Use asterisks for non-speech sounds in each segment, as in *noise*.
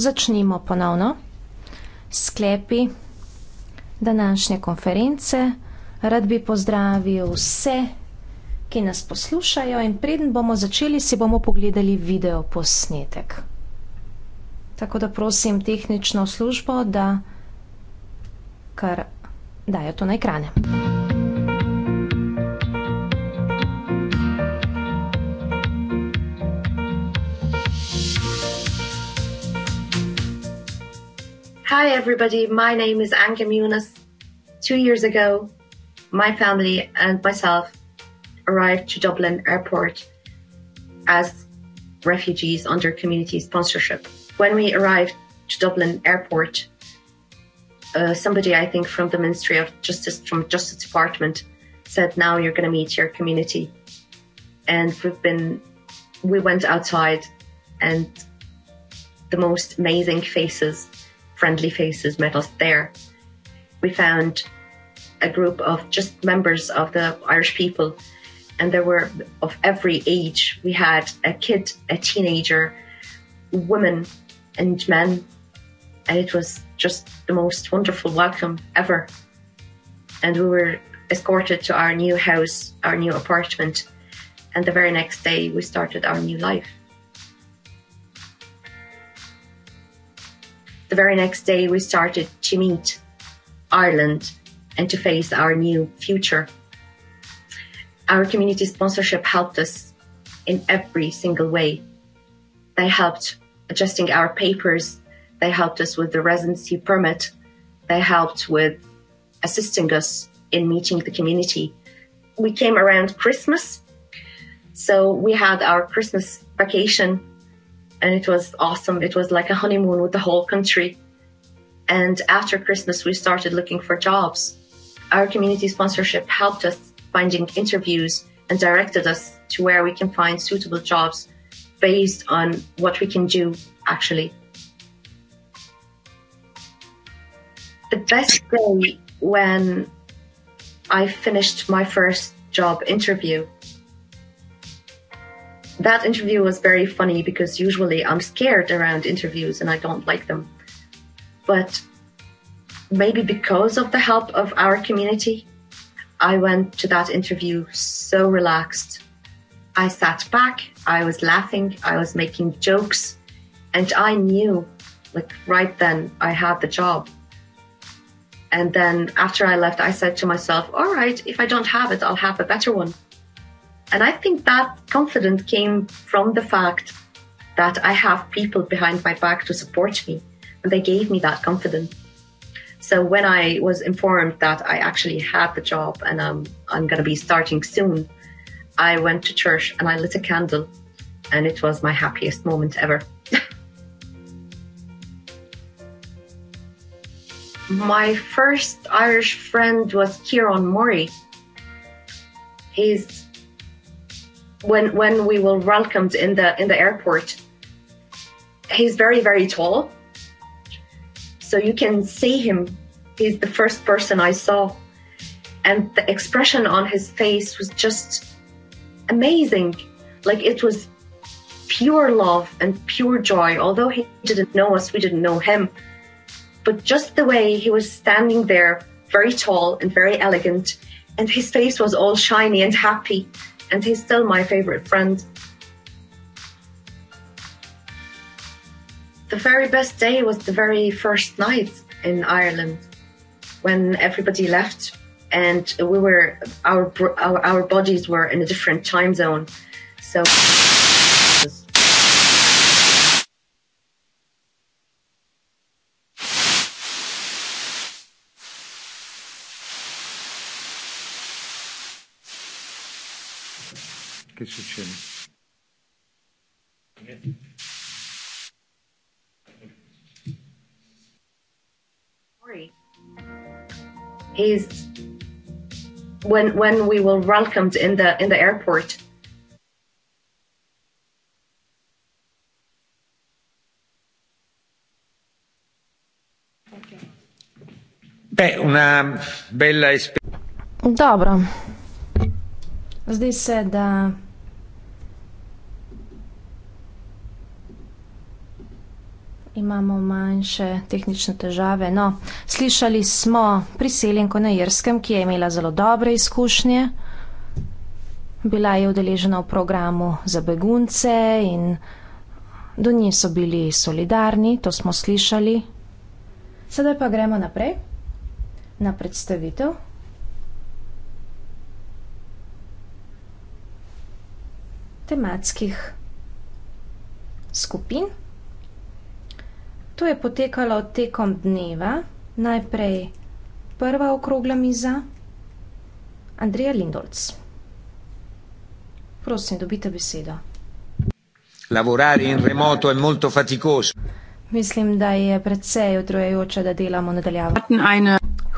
Začnimo ponovno. Sklepi današnje konference. Rad bi pozdravil vse, ki nas poslušajo in preden bomo začeli, si bomo pogledali video posnetek. Tako da prosim tehnično službo, da kar dajo to na ekrane. Muzika. Hi, everybody. My name is Anka Munas. Two years ago, my family and myself arrived to Dublin Airport as refugees under community sponsorship. When we arrived to Dublin Airport, uh, somebody, I think, from the Ministry of Justice, from Justice Department, said, "Now you're going to meet your community." And we've been, we went outside, and the most amazing faces friendly faces met us there. We found a group of just members of the Irish people, and there were of every age. We had a kid, a teenager, women, and men, and it was just the most wonderful welcome ever. And we were escorted to our new house, our new apartment, and the very next day we started our new life. The very next day, we started to meet Ireland and to face our new future. Our community sponsorship helped us in every single way. They helped adjusting our papers, they helped us with the residency permit, they helped with assisting us in meeting the community. We came around Christmas, so we had our Christmas vacation and it was awesome. It was like a honeymoon with the whole country. And after Christmas, we started looking for jobs. Our community sponsorship helped us finding interviews and directed us to where we can find suitable jobs based on what we can do actually. The best day when I finished my first job interview that interview was very funny because usually I'm scared around interviews and I don't like them. But maybe because of the help of our community, I went to that interview so relaxed. I sat back, I was laughing, I was making jokes, and I knew, like, right then, I had the job. And then after I left, I said to myself, all right, if I don't have it, I'll have a better one. And I think that confidence came from the fact that I have people behind my back to support me. And they gave me that confidence. So when I was informed that I actually had the job and um, I'm going to be starting soon, I went to church and I lit a candle. And it was my happiest moment ever. *laughs* my first Irish friend was Kieran Murray. He's when when we were welcomed in the in the airport he's very very tall so you can see him he's the first person i saw and the expression on his face was just amazing like it was pure love and pure joy although he didn't know us we didn't know him but just the way he was standing there very tall and very elegant and his face was all shiny and happy and he's still my favorite friend. The very best day was the very first night in Ireland when everybody left and we were our our, our bodies were in a different time zone. So que se tiene. He's when when we will welcomed in the in the airport. Beh, una bella esperienza. Dobro. Zdi se, da imamo manjše tehnične težave. No, slišali smo priseljenko na Jerskem, ki je imela zelo dobre izkušnje. Bila je udeležena v programu za begunce in do nje so bili solidarni, to smo slišali. Sedaj pa gremo naprej na predstavitev. tematskih skupin. To je potekalo tekom dneva. Najprej prva okrogla miza, Andrija Lindolc. Prosim, dobite besedo. Lavorare in remoto je molto faticoso. Mislim, da je precej utrujajoče, da delamo nadaljavo.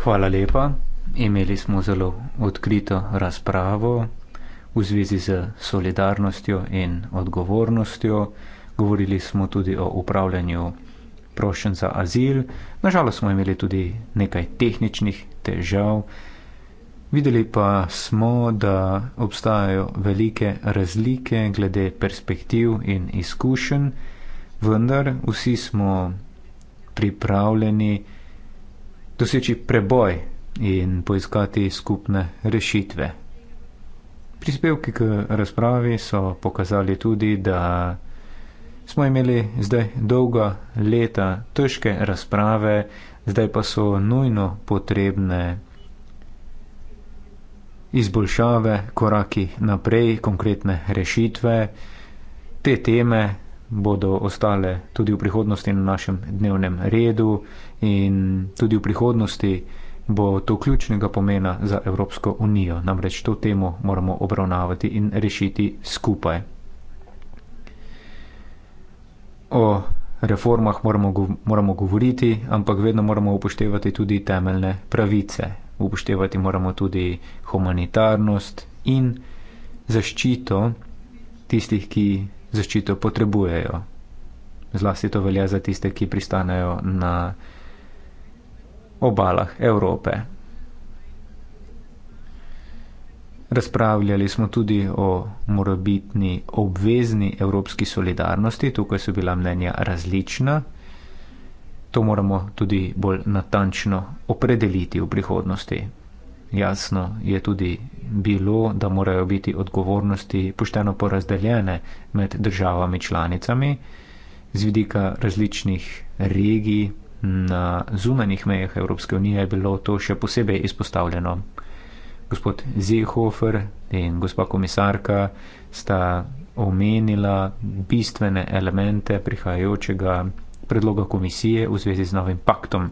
Hvala lepa. Imeli smo zelo odkrito razpravo v zvezi z solidarnostjo in odgovornostjo. Govorili smo tudi o upravljanju prošen za azil. Nažalost smo imeli tudi nekaj tehničnih težav. Videli pa smo, da obstajajo velike razlike glede perspektiv in izkušenj, vendar vsi smo pripravljeni doseči preboj in poiskati skupne rešitve. Prispevki k razpravi so pokazali tudi, da smo imeli zdaj dolga leta težke razprave, zdaj pa so nujno potrebne izboljšave, koraki naprej, konkretne rešitve. Te teme bodo ostale tudi v prihodnosti na našem dnevnem redu in tudi v prihodnosti bo to ključnega pomena za Evropsko unijo. Namreč to temo moramo obravnavati in rešiti skupaj. O reformah moramo, moramo govoriti, ampak vedno moramo upoštevati tudi temeljne pravice. Upoštevati moramo tudi humanitarnost in zaščito tistih, ki zaščito potrebujejo. Zlasti to velja za tiste, ki pristanejo na obalah Evrope. Razpravljali smo tudi o morabitni obvezni evropski solidarnosti, tukaj so bila mnenja različna. To moramo tudi bolj natančno opredeliti v prihodnosti. Jasno je tudi bilo, da morajo biti odgovornosti pošteno porazdeljene med državami članicami z vidika različnih regij, na zunanjih mejah Evropske unije je bilo to še posebej izpostavljeno. Gospod Zehofer in gospa komisarka sta omenila bistvene elemente prihajajočega predloga komisije v zvezi z novim paktom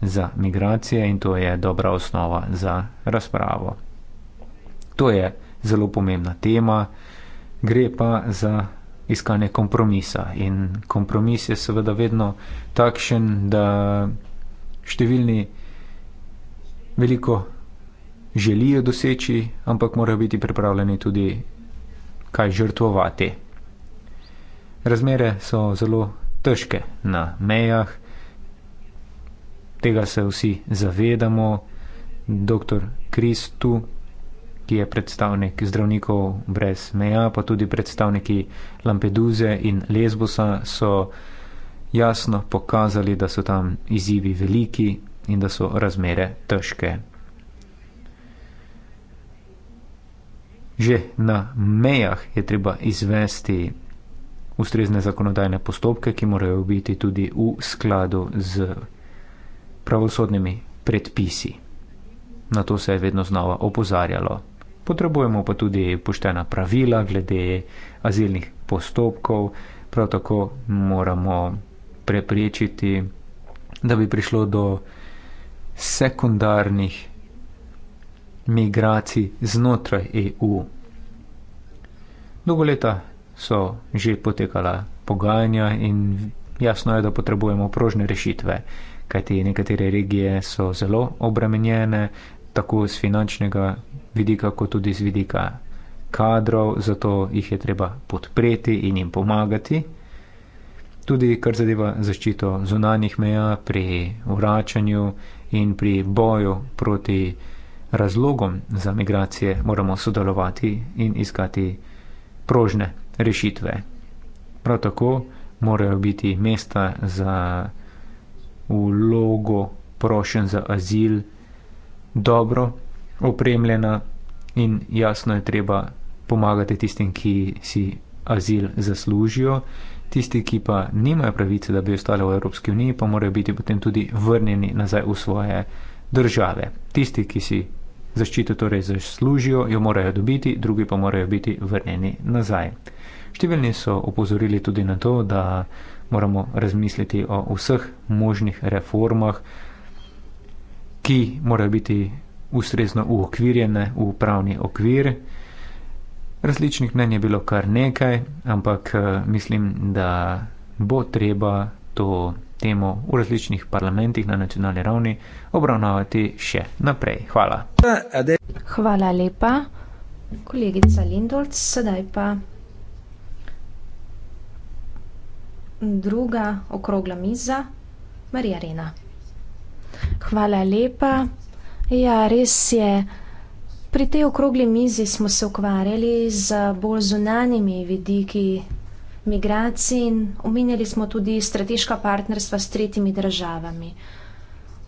za migracije in to je dobra osnova za razpravo. To je zelo pomembna tema, gre pa za iskanje kompromisa. In kompromis je seveda vedno takšen, da številni veliko želijo doseči, ampak morajo biti pripravljeni tudi kaj žrtvovati. Razmere so zelo težke na mejah, tega se vsi zavedamo. Dr. Kris tu ki je predstavnik zdravnikov brez meja, pa tudi predstavniki Lampeduze in Lesbosa, so jasno pokazali, da so tam izzivi veliki in da so razmere težke. Že na mejah je treba izvesti ustrezne zakonodajne postopke, ki morajo biti tudi v skladu z pravosodnimi predpisi. Na to se je vedno znova opozarjalo potrebujemo pa tudi poštena pravila glede azilnih postopkov, prav tako moramo preprečiti, da bi prišlo do sekundarnih migracij znotraj EU. Dolgo leta so že potekala pogajanja in jasno je, da potrebujemo prožne rešitve, kajti nekatere regije so zelo obremenjene tako z finančnega vidika, kot tudi z vidika kadrov, zato jih je treba podpreti in jim pomagati. Tudi kar zadeva zaščito zunanjih meja pri vračanju in pri boju proti razlogom za migracije, moramo sodelovati in iskati prožne rešitve. Prav tako morajo biti mesta za vlogo prošen za azil dobro opremljena in jasno je treba pomagati tistim, ki si azil zaslužijo. Tisti, ki pa nimajo pravice, da bi ostali v Evropski uniji, pa morajo biti potem tudi vrnjeni nazaj v svoje države. Tisti, ki si zaščito torej zaslužijo, jo morajo dobiti, drugi pa morajo biti vrnjeni nazaj. Številni so opozorili tudi na to, da moramo razmisliti o vseh možnih reformah, ki morajo biti ustrezno uokvirjene v pravni okvir. Različnih mnen je bilo kar nekaj, ampak eh, mislim, da bo treba to temo v različnih parlamentih na nacionalni ravni obravnavati še naprej. Hvala. Hvala lepa, kolegica Lindolc. Sedaj pa druga okrogla miza, Marija Rena. Hvala lepa. Ja, res je. Pri tej okrogli mizi smo se ukvarjali z bolj zunanimi vidiki migracij in omenjali smo tudi strateška partnerstva s tretjimi državami.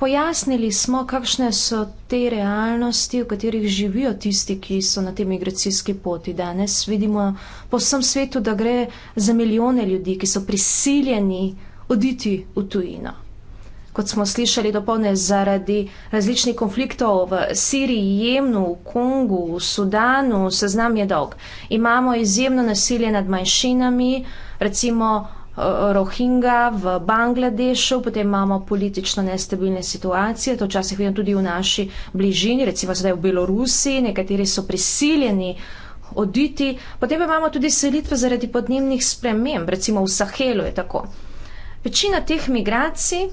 Pojasnili smo, kakšne so te realnosti, v katerih živijo tisti, ki so na tej migracijski poti. Danes vidimo po vsem svetu, da gre za milijone ljudi, ki so prisiljeni oditi v tujino kot smo slišali dopolne, zaradi različnih konfliktov v Siriji, Jemnu, Kongu, Sudanu, seznam je dolg. Imamo izjemno nasilje nad manjšinami, recimo eh, Rohingja v Bangladešu, potem imamo politično nestabilne situacije, to včasih vidimo tudi v naši bližini, recimo zdaj v Belorusiji, nekateri so prisiljeni. Oditi. Potem pa imamo tudi selitve zaradi podnebnih sprememb, recimo v Sahelu je tako. Večina teh migracij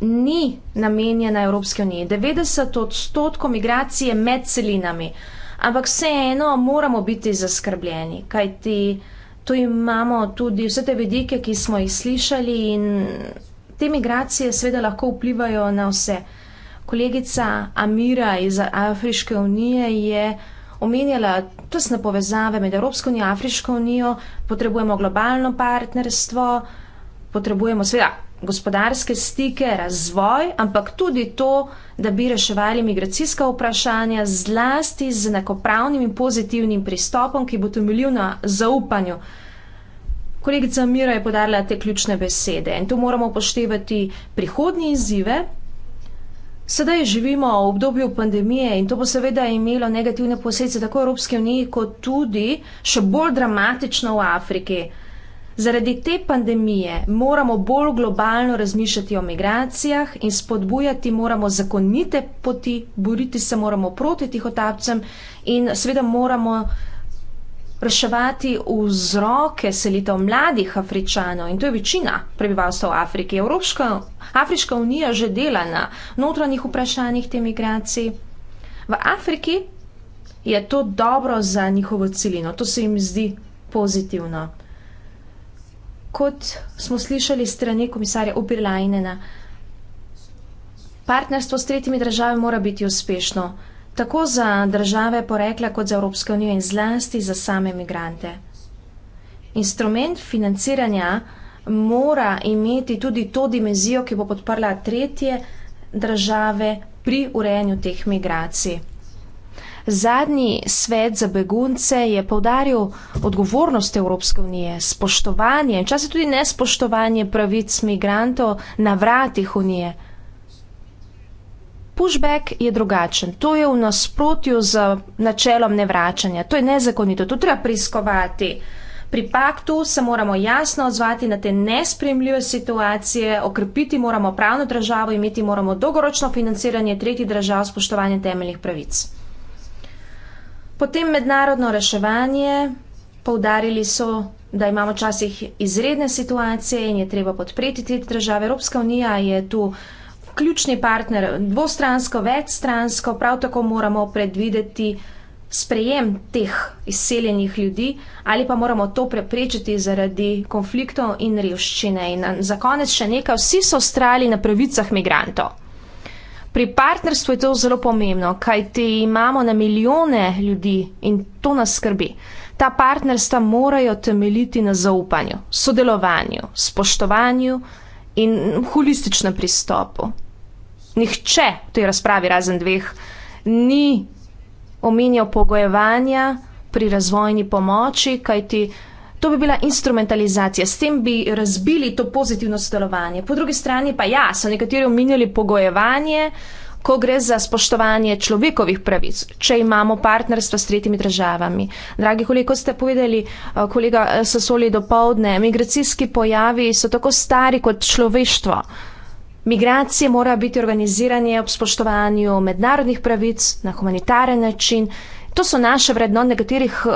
ni namenjena Evropski uniji. 90 odstotkov migracije je med celinami. Ampak vseeno moramo biti zaskrbljeni, kajti tu imamo tudi vse te vidike, ki smo jih slišali in te migracije seveda lahko vplivajo na vse. Kolegica Amira iz Afriške unije je omenjala tesne povezave med Evropsko unijo in Afriško unijo. Potrebujemo globalno partnerstvo, potrebujemo seveda gospodarske stike, razvoj, ampak tudi to, da bi reševali migracijska vprašanja zlasti z enakopravnim in pozitivnim pristopom, ki bo temeljil na zaupanju. Kolegica Mira je podarila te ključne besede in tu moramo poštevati prihodnje izzive. Sedaj živimo v obdobju pandemije in to bo seveda imelo negativne posledice tako v Evropske unije, kot tudi še bolj dramatično v Afriki. Zaradi te pandemije moramo bolj globalno razmišljati o migracijah in spodbujati moramo zakonite poti, boriti se moramo proti tihotapcem in seveda moramo reševati vzroke selitev mladih Afričanov in to je večina prebivalstva v Afriki. Evropska, Afriška unija že dela na notranjih vprašanjih te migracije. V Afriki je to dobro za njihovo celino, to se jim zdi pozitivno kot smo slišali strani komisarja Oberlajnena, partnerstvo s tretjimi državami mora biti uspešno, tako za države porekla kot za Evropsko unijo in zlasti za same imigrante. Instrument financiranja mora imeti tudi to dimenzijo, ki bo podprla tretje države pri urejanju teh migracij. Zadnji svet za begunce je povdaril odgovornost Evropske unije, spoštovanje in včasih tudi nespoštovanje pravic migrantov na vratih unije. Pushback je drugačen, to je v nasprotju z načelom nevračanja, to je nezakonito, to treba preiskovati. Pri paktu se moramo jasno odzvati na te nespremljive situacije, okrepiti moramo pravno državo, imeti moramo dolgoročno financiranje tretjih držav spoštovanja temeljnih pravic. Potem mednarodno reševanje, poudarili so, da imamo včasih izredne situacije in je treba podpreti te države. Evropska unija je tu ključni partner dvostransko, večstransko, prav tako moramo predvideti sprejem teh izseljenih ljudi ali pa moramo to preprečiti zaradi konfliktov in revščine. In za konec še nekaj, vsi so strali na pravicah migrantov. Pri partnerstvu je to zelo pomembno, kajti imamo na milijone ljudi in to nas skrbi. Ta partnerstva morajo temeljiti na zaupanju, sodelovanju, spoštovanju in holističnem pristopu. Nihče v tej razpravi, razen dveh, ni omenjal pogojevanja pri razvojni pomoči, kajti. To bi bila instrumentalizacija, s tem bi razbili to pozitivno sodelovanje. Po drugi strani pa ja, so nekateri omenjali pogojevanje, ko gre za spoštovanje človekovih pravic, če imamo partnerstva s tretjimi državami. Dragi kolegi, kot ste povedali, eh, kolega eh, Sasoli do povdne, migracijski pojavi so tako stari kot človeštvo. Migracije mora biti organizirane ob spoštovanju mednarodnih pravic na humanitaren način. To so naše vrednote, nekaterih uh,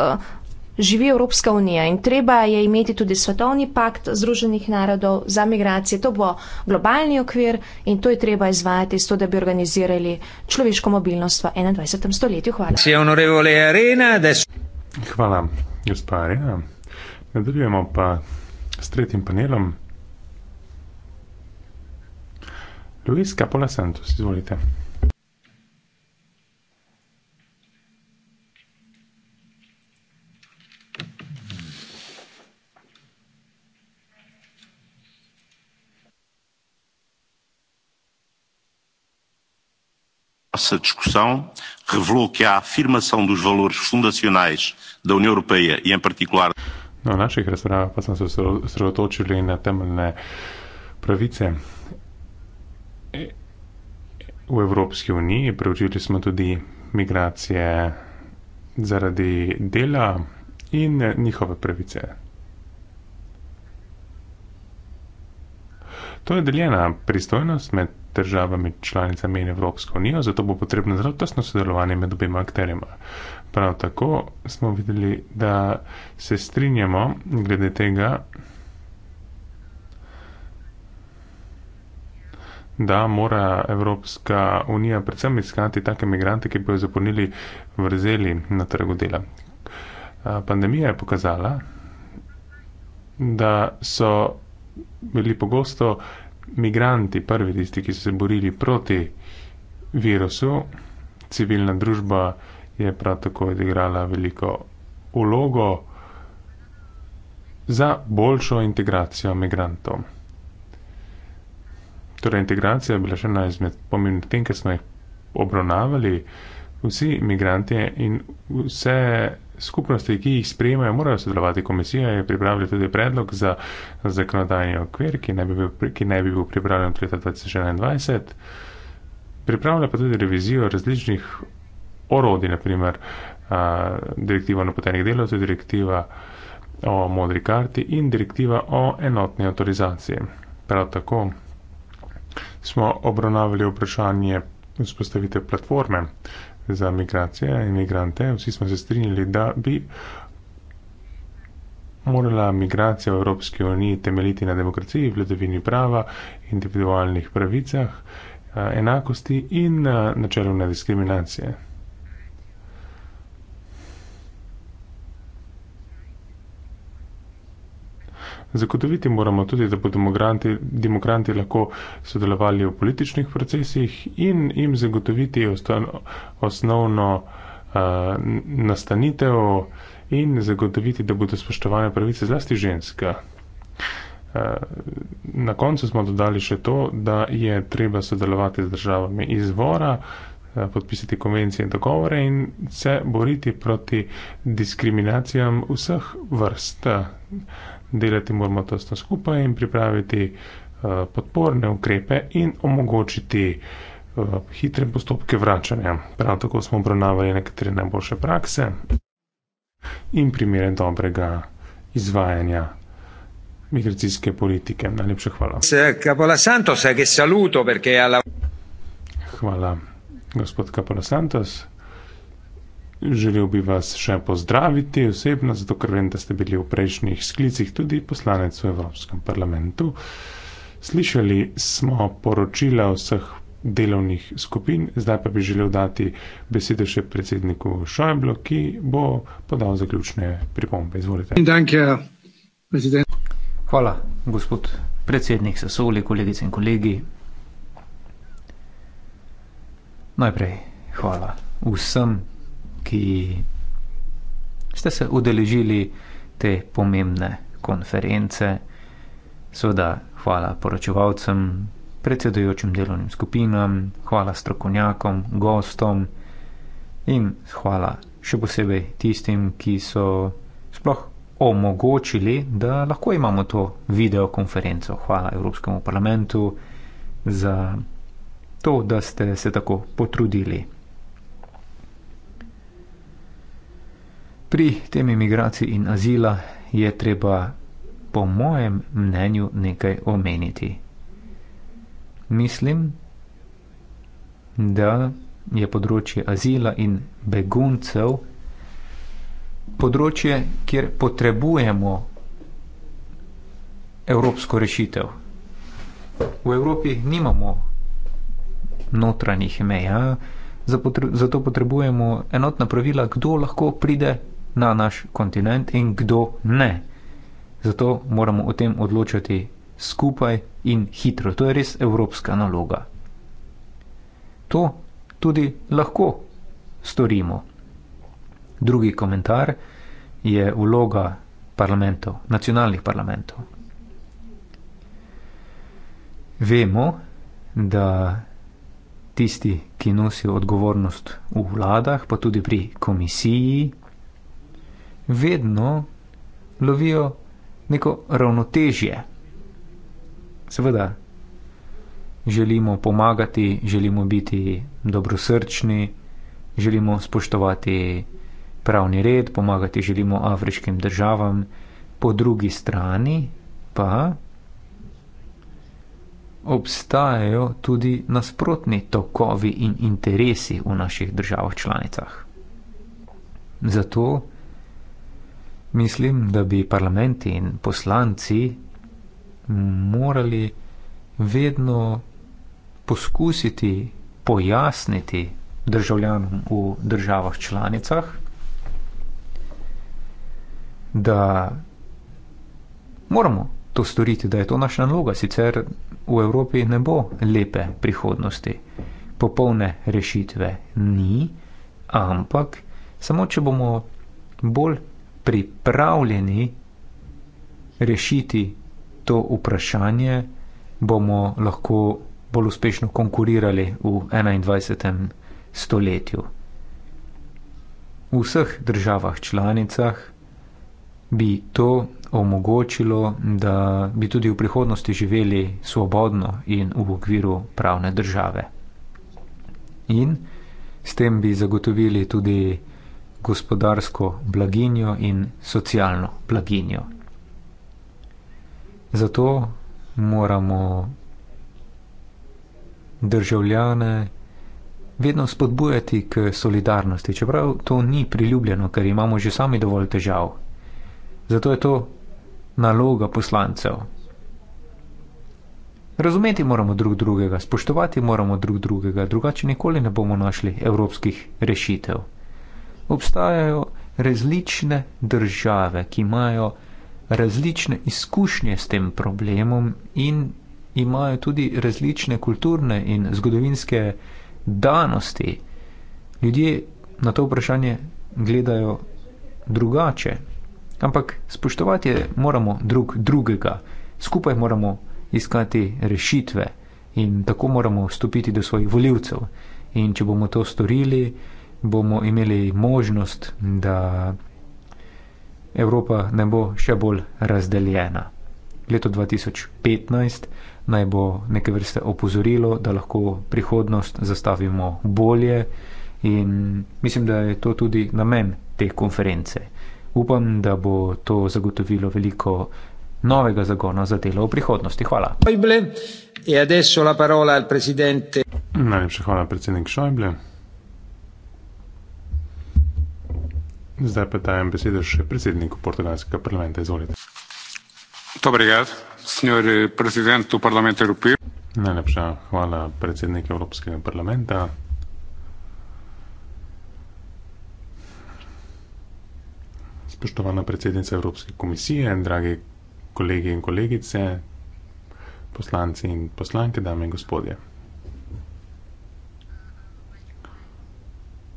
živi Evropska unija in treba je imeti tudi svetovni pakt Združenih narodov za migracije. To bo globalni okvir in to je treba izvajati, s to, da bi organizirali človeško mobilnost v 21. stoletju. Hvala. Hvala, gospa Arena. Nadaljujemo pa s tretjim panelom. Luis Capola Santos, izvolite. nossa discussão revelou que a afirmação dos valores fundacionais da União Europeia e em particular na no naših razpravah pa smo se osredotočili na temeljne pravice e, v Evropski uniji. Preučili smo tudi migracije zaradi dela in njihove pravice. To je deljena pristojnost med državami članicami in Evropsko unijo, zato bo potrebno zelo tesno sodelovanje med obema akterima. Prav tako smo videli, da se strinjamo glede tega, da mora Evropska unija predvsem iskati take imigrante, ki bojo zapolnili vrzeli na trgu dela. Pandemija je pokazala, da so bili pogosto migranti, prvi tisti, ki so se borili proti virusu, civilna družba je prav tako odigrala veliko ulogo za boljšo integracijo migrantov. Torej, integracija je bila še ena izmed pomembnih tem, ker smo jih obravnavali, vsi migranti in vse skupnosti, ki jih sprejemajo, morajo sodelovati. Komisija je pripravila tudi predlog za zakonodajni okvir, ki naj bi bil, ki naj bi bil pripravljen leta 2021. Pripravlja pa tudi revizijo različnih orodi, naprimer a, direktiva o napotenih delovcev, direktiva o modri karti in direktiva o enotni autorizaciji. Prav tako smo obravnavali vprašanje vzpostavitev platforme, za migracije in imigrante. Vsi smo se strinjali, da bi morala migracija v Evropski uniji temeljiti na demokraciji, vladavini prava, individualnih pravicah, eh, enakosti in eh, načelu nediskriminacije. Zagotoviti moramo tudi, da bodo demokranti lahko sodelovali v političnih procesih in jim zagotoviti osnovno uh, nastanitev in zagotoviti, da bodo spoštovane pravice zlasti ženska. Eh, na koncu smo dodali še to, da je treba sodelovati z državami izvora, eh, podpisati konvencije in dogovore in se boriti proti diskriminacijam vseh vrst delati moramo tesno skupaj in pripraviti eh, podporne ukrepe in omogočiti eh, hitre postopke vračanja. Prav tako smo obravnavali nekatere najboljše prakse in primere dobrega izvajanja migracijske politike. Najlepša hvala. Eh, hvala, gospod Kapola Santos. Želel bi vas še pozdraviti osebno, zato ker vem, da ste bili v prejšnjih sklicih tudi poslanec v Evropskem parlamentu. Slišali smo poročila vseh delovnih skupin, zdaj pa bi želel dati besedo še predsedniku Šojblo, ki bo podal zaključne pripombe. Izvolite. Hvala, gospod predsednik Sasoli, kolegice in kolegi. Najprej hvala vsem ki ste se udeležili te pomembne konference. Seveda, hvala poročevalcem, predsedujočim delovnim skupinam, hvala strokovnjakom, gostom in hvala še posebej tistim, ki so sploh omogočili, da lahko imamo to videokonferenco. Hvala Evropskemu parlamentu za to, da ste se tako potrudili. Pri temi migraciji in azila je treba, po mojem mnenju, nekaj omeniti. Mislim, da je področje azila in beguncev področje, kjer potrebujemo evropsko rešitev. V Evropi nimamo notranjih meja, zato potrebujemo enotna pravila, kdo lahko pride na naš kontinent in kdo ne. Zato moramo o tem odločati skupaj in hitro. To je res evropska naloga. To tudi lahko storimo. Drugi komentar je vloga parlamentov, nacionalnih parlamentov. Vemo, da tisti, ki nosijo odgovornost v vladah, pa tudi pri komisiji, vedno lovijo neko ravnotežje. Seveda, želimo pomagati, želimo biti dobrosrčni, želimo spoštovati pravni red, pomagati želimo afriškim državam, po drugi strani pa obstajajo tudi nasprotni tokovi in interesi v naših državah članicah. Zato Mislim, da bi parlamenti in poslanci morali vedno poskusiti pojasniti državljanom v državah članicah, da moramo to storiti, da je to naša naloga, sicer v Evropi ne bo lepe prihodnosti, popolne rešitve ni, ampak samo če bomo bolj pripravljeni rešiti to vprašanje, bomo lahko bolj uspešno konkurirali v 21. stoletju. V vseh državah članicah bi to omogočilo, da bi tudi v prihodnosti živeli svobodno in v okviru pravne države. In s tem bi zagotovili tudi gospodarsko blaginjo in socialno blaginjo. Zato moramo državljane vedno spodbujati k solidarnosti, čeprav to ni priljubljeno, ker imamo že sami dovolj težav. Zato je to naloga poslancev. Razumeti moramo drug drugega, spoštovati moramo drug drugega, drugače nikoli ne bomo našli evropskih rešitev obstajajo različne države, ki imajo različne izkušnje s tem problemom in imajo tudi različne kulturne in zgodovinske danosti. Ljudje na to vprašanje gledajo drugače, ampak spoštovati moramo drug drugega, skupaj moramo iskati rešitve in tako moramo stopiti do svojih voljivcev. In če bomo to storili, bomo imeli možnost, da Evropa ne bo še bolj razdeljena. Leto 2015 naj bo neke vrste opozorilo, da lahko prihodnost zastavimo bolje in mislim, da je to tudi namen te konference. Upam, da bo to zagotovilo veliko novega zagona za delo v prihodnosti. Hvala. E Najlepša hvala, predsednik Šojble. Zdaj pa dajem besedo še predsedniku portugalskega parlamenta. Izvolite. Eh, Najlepša hvala predsedniku Evropskega parlamenta. Spoštovana predsednica Evropske komisije, dragi kolegi in kolegice, poslanci in poslanke, dame in gospodje.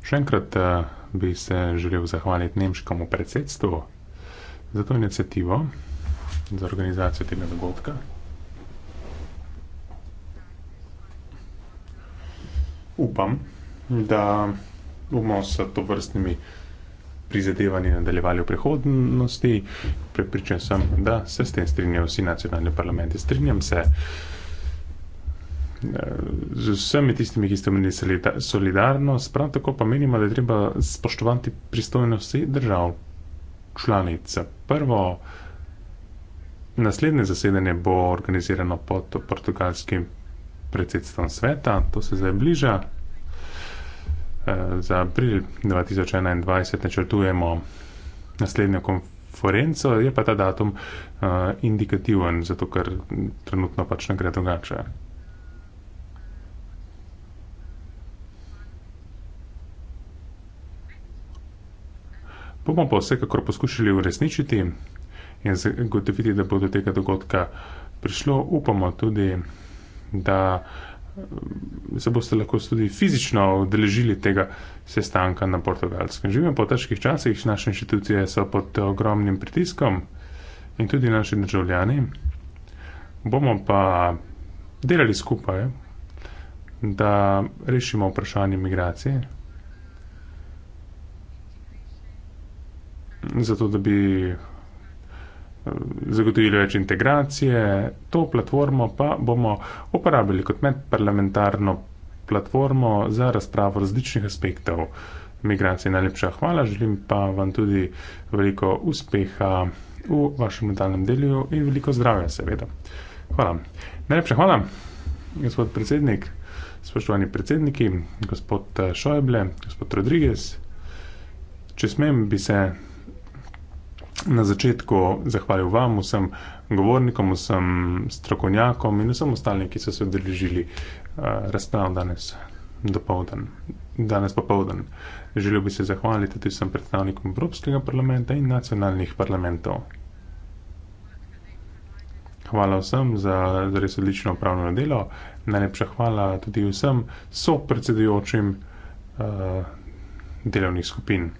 Še enkrat eh, bi se želel zahvaliti nemškemu predsedstvu za to inicijativo, za organizacijo tega dogodka. Upam, da bomo s to vrstnimi prizadevanji nadaljevali v prihodnosti. Prepričan sem, da se s tem strinjajo vsi nacionalni parlamenti. Strinjam se z vsemi tistimi, ki ste omenili solidarnost, prav tako pa menimo, da je treba spoštovati pristojnosti držav članic. Prvo, naslednje zasedanje bo organizirano pod portugalskim predsedstvom sveta, to se zdaj bliža. E, za april 2021 načrtujemo naslednjo konferenco, je pa ta datum uh, indikativen, zato ker trenutno pač ne gre drugače. bomo pa vsekakor poskušali uresničiti in zagotoviti, da bo do tega dogodka prišlo. Upamo tudi, da eh, se boste lahko tudi fizično odeležili tega sestanka na portugalskem. Živimo po težkih časih, naše inštitucije so pod ogromnim pritiskom in tudi naši državljani. Bomo pa delali skupaj, da rešimo vprašanje migracije. zato da bi eh, zagotovili več integracije. To platformo pa bomo uporabili kot medparlamentarno platformo za razpravo različnih aspektov migracije. Najlepša hvala, želim pa vam tudi veliko uspeha v vašem nadaljem delu in veliko zdravja, seveda. Hvala. Najlepša hvala, gospod predsednik, spoštovani predsedniki, gospod eh, Šojble, gospod Rodriguez. Če smem, bi se na začetku zahvalil vam, vsem govornikom, vsem strokovnjakom in vsem ostalim, ki so se odrežili eh, razprav danes do povdan. Danes popovdan. Želel bi se zahvaliti tudi vsem predstavnikom Evropskega parlamenta in nacionalnih parlamentov. Hvala vsem za, za res odlično upravljeno delo. Najlepša hvala tudi vsem sopredsedujočim uh, delovnih skupin.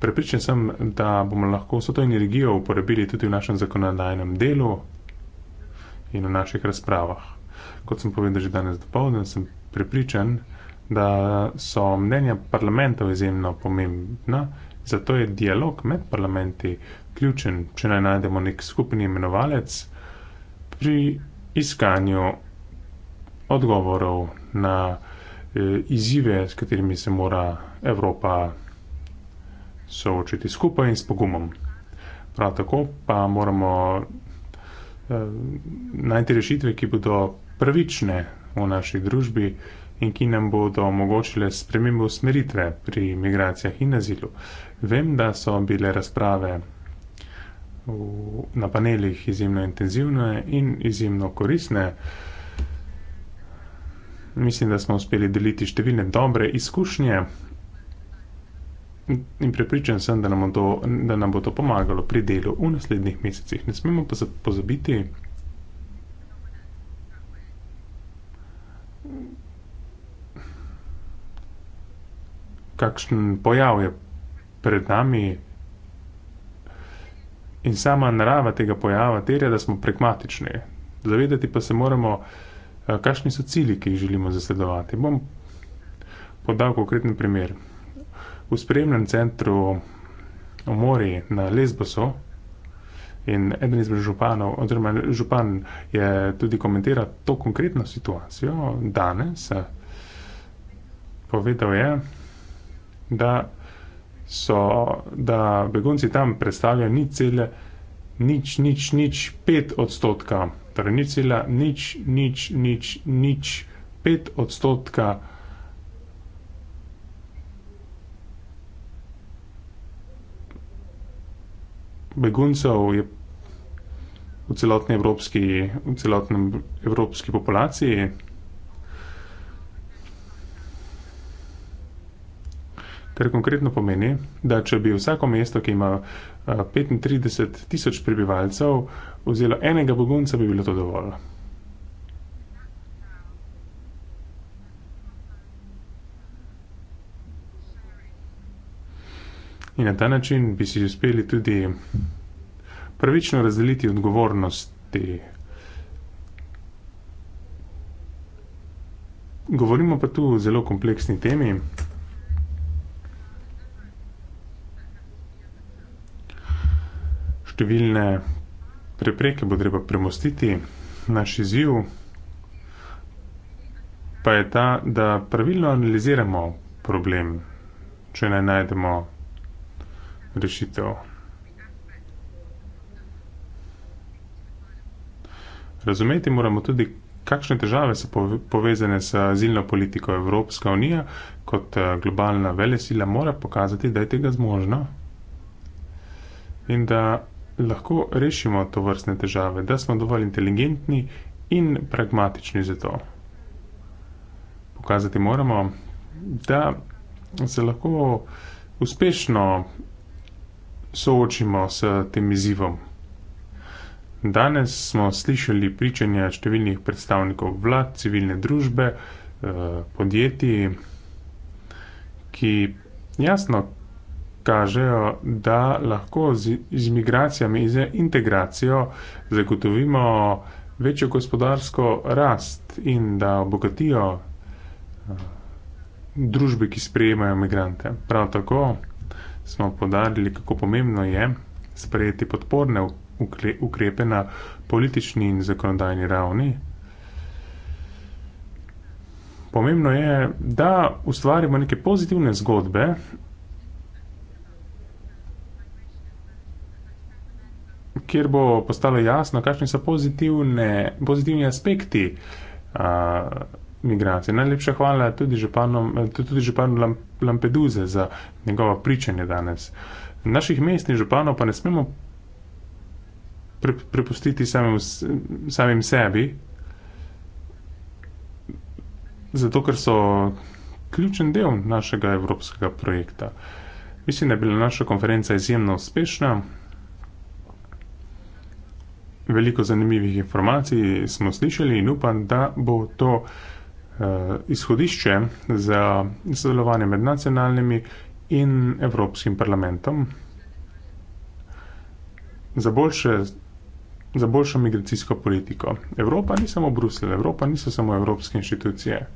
Prepričan sem, da bomo lahko vso to energijo uporabili tudi v našem zakonodajnem delu in v naših razpravah. Kot sem povedal že danes dopoledne, sem prepričan, da so mnenja parlamentov izjemno pomembna, zato je dialog med parlamenti ključen, če naj najdemo nek skupni imenovalec pri iskanju odgovorov na eh, izzive, s katerimi se mora Evropa soočiti skupaj in s pogumom. Prav tako pa moramo eh, najti rešitve, ki bodo pravične v naši družbi in ki nam bodo omogočile spremembo usmeritve pri migracijah in nazilu. Vem, da so bile razprave v, na panelih izjemno intenzivne in izjemno korisne. Mislim, da smo uspeli deliti številne dobre izkušnje In prepričan sem, da nam, to, da nam bo to pomagalo pri delu v naslednjih mesecih. Ne smemo pa pozabiti, kakšen pojav je pred nami. In sama narava tega pojava terja, da smo pragmatični. Zavedati pa se moramo, eh, kakšni so cilji, ki jih želimo zasledovati. Bom podal konkreten primer v spremnem centru v mori na Lesbosu in eden izmed županov, oziroma župan je tudi komentiral to konkretno situacijo danes. Povedal je, da so, da begunci tam predstavljajo nič cele, nič, nič, nič, pet odstotka, torej nič cela, nič, nič, nič, nič, pet odstotka beguncev je v celotni evropski, v celotnem evropski populaciji. Kar konkretno pomeni, da če bi vsako mesto, ki ima 35 eh, tisoč prebivalcev, vzelo enega begunca, bi bilo to dovolj. In na ta način bi si uspeli tudi pravično razdeliti odgovornosti. Govorimo pa tu o zelo kompleksni temi. Številne prepreke bo treba premostiti. Naš izziv pa je ta, da pravilno analiziramo problem, če naj najdemo problem rešitev. Razumeti moramo tudi, kakšne države so povezane s azilno politiko Evropska unija kot eh, globalna velesila mora pokazati, da je tega zmožna in da lahko rešimo to vrstne težave, da smo dovolj inteligentni in pragmatični za to. Pokazati moramo, da se lahko uspešno soočimo s tem izzivom. Danes smo slišali pričanja številnih predstavnikov vlad, civilne družbe, eh, podjetij, ki jasno kažejo, da lahko z imigracijami in z integracijo zagotovimo večjo gospodarsko rast in da obogatijo eh, družbe, ki sprejemajo imigrante. Prav tako smo podarili, kako pomembno je sprejeti podporne ukrepe na politični in zakonodajni ravni. Pomembno je, da ustvarimo neke pozitivne zgodbe, kjer bo postalo jasno, kakšni so pozitivne, pozitivni aspekti a, migracije. Najlepša hvala tudi županu, tudi županu Lampeduze, za njegovo pričanje danes. Naših mest in županov pa ne smemo pre prepustiti samim, samim sebi, zato ker so ključen del našega evropskega projekta. Mislim, da je bila naša konferenca izjemno uspešna. Veliko zanimivih informacij smo slišali in upam, da bo to. Eh, izhodišče za sodelovanje med nacionalnimi in Evropskim parlamentom za boljše za boljšo migracijsko politiko. Evropa ni samo Bruselj, Evropa niso samo evropske inštitucije,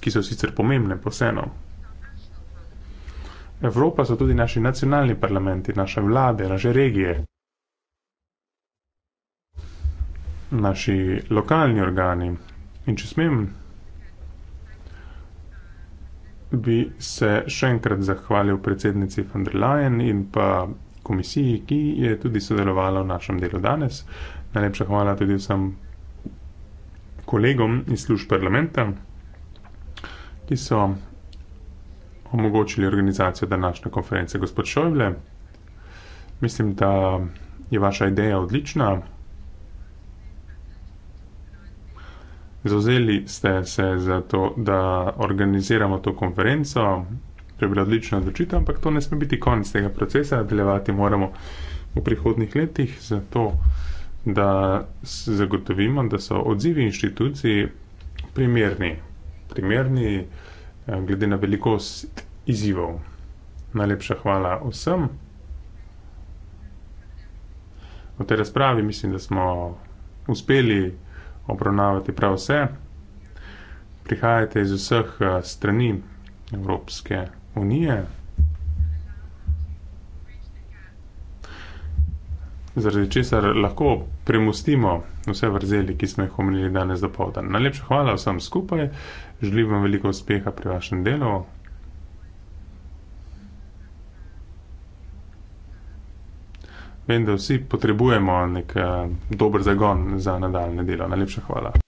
ki so sicer pomembne poseno. Evropa so tudi naši nacionalni parlamenti, naše vlade, naše regije, naši lokalni organi. In če smem bi se še enkrat zahvalil predsednici von der Leyen in pa komisiji, ki je tudi sodelovala v našem delu danes. Najlepša hvala tudi vsem kolegom iz služb parlamenta, ki so omogočili organizacijo današnje konference. Gospod Šojble, mislim, da je vaša ideja odlična. Zauzeli ste se za to, da organiziramo to konferenco, to je bila odlična odločitev, ampak to ne sme biti konec tega procesa, nadaljevati moramo v prihodnih letih za to, da zagotovimo, da so odzivi inštitucij primerni, primerni eh, glede na velikost izzivov. Najlepša hvala vsem. V tej razpravi mislim, da smo uspeli obravnavati prav vse. Prihajate iz vseh eh, strani Evropske unije. Zaradi česar lahko premustimo vse vrzeli, ki smo jih omenili danes do povdan. Najlepša hvala vsem skupaj, želim vam veliko uspeha pri vašem delu. vem, da vsi potrebujemo nek uh, dober zagon za nadaljne delo. Najlepša hvala.